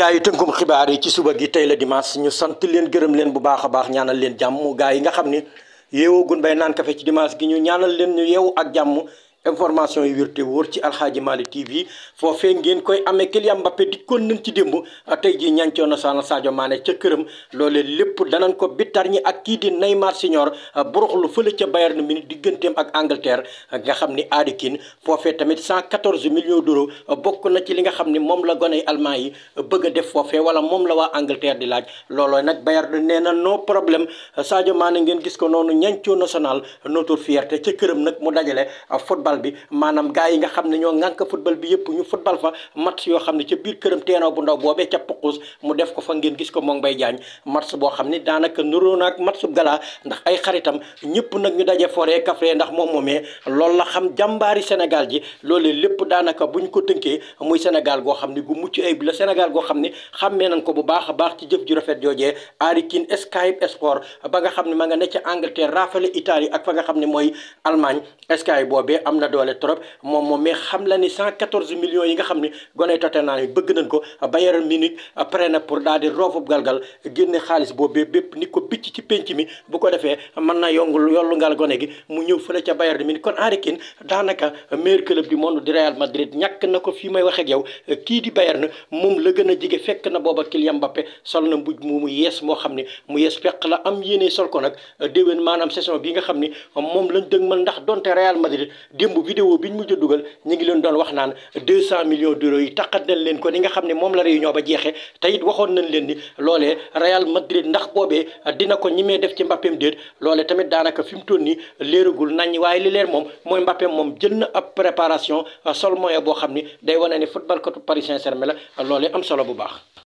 gaa yi tënkum xibaar yi ci suba gi tey la dimanche ñu sant leen gërëm leen bu baax a baax ñaanal leen jàmm gaa yi nga xam ni yeewoo gun bay naan kafe ci dimanche gi ñu ñaanal leen ñu yeewu ak jàmm information yi wér te wóor ci Aladji Malick TV foofee ngeen koy amee Kylian Mbappé dikkoon nañ ci démb ah, tey jii ñancoo na saana Sadio Mané ca këram loolee lépp danañ ko bitar ak kii di Neymar Senior ah, buruxlu fële ca Bayern Munich digganteem ak Angleterre ah, nga xam ni Harry Kane foofee tamit 114 millions d'euros bokk na ci li nga xam ni moom la goney allemand yi bëgg a def foofee wala moom la waa Angleterre di laaj looloo nag Bayern nee na no problème Sadio Mané ngeen gis ko noonu ñancoo national notre fierté ca këram nag mu dajale football bi maanaam gars yi nga xam ne ñoo ŋànk football bi yëpp ñu football fa match yoo xam ne ca biir këram teenaw bu ndaw boobee ca Puqus mu def ko fa ngeen gis ko moom Mbaye Diagne boo xam ne daanaka nuroo naag match bu gala ndax ay xaritam ñëpp nag ñu daje foree kafree ndax moom moomee loolu la xam jàmbaari Sénégal ji loolu lépp daanaka bu ñu ko tënkee muy Sénégal goo xam ne gu mucc ayib la Sénégal goo xam ne xàmmee nañ ko bu baax a baax ci jëf ju rafet joojee Harry Kane Skype Sport ba nga xam ne ma nga ne ca Angleterre raafale Italie ak fa nga xam ne mooy Allemagne am na doole trop moom moom mais xam la ni 114 millions yi nga xam ni gone Tottenham yi bëgg nañ ko Bayern Munich pare na pour daal di galgal génne xaalis boobu bépp ni ko bicc ci penc mi bu ko defee man na yongul yollu ngal gone gi mu ñëw fële ca Bayern Munich kon Harry Kane daanaka meilleur club du monde di Real na ko fii may wax ak yow kii di Bayern moom la gën a jige fekk na booba Kylian Mbappé sol na mbuj mu mu yees moo xam ni mu yees fekk la am yéene sol ko nag déwén maanaam saison bi nga xam ni moom lañ dëgmal ndax donte démb vidéo bi ñu mujj dugal ñu ngi leen doon wax naan 200 millions d'euros yi taqat nañ leen ko ni nga xam ne moom la ñoo ba jeexee te it waxoon nañ leen ni loolee Real Madrid ndax boobee dina ko ñi mee def ci Mbappéem déet loolee tamit daanaka fi mu toll nii léeragul nañ waaye li leer moom mooy Mbappéem moom jël na ab préparation sol moyen boo xam ni day wane ne football katu Paris Saint-Germain la loolee am solo bu baax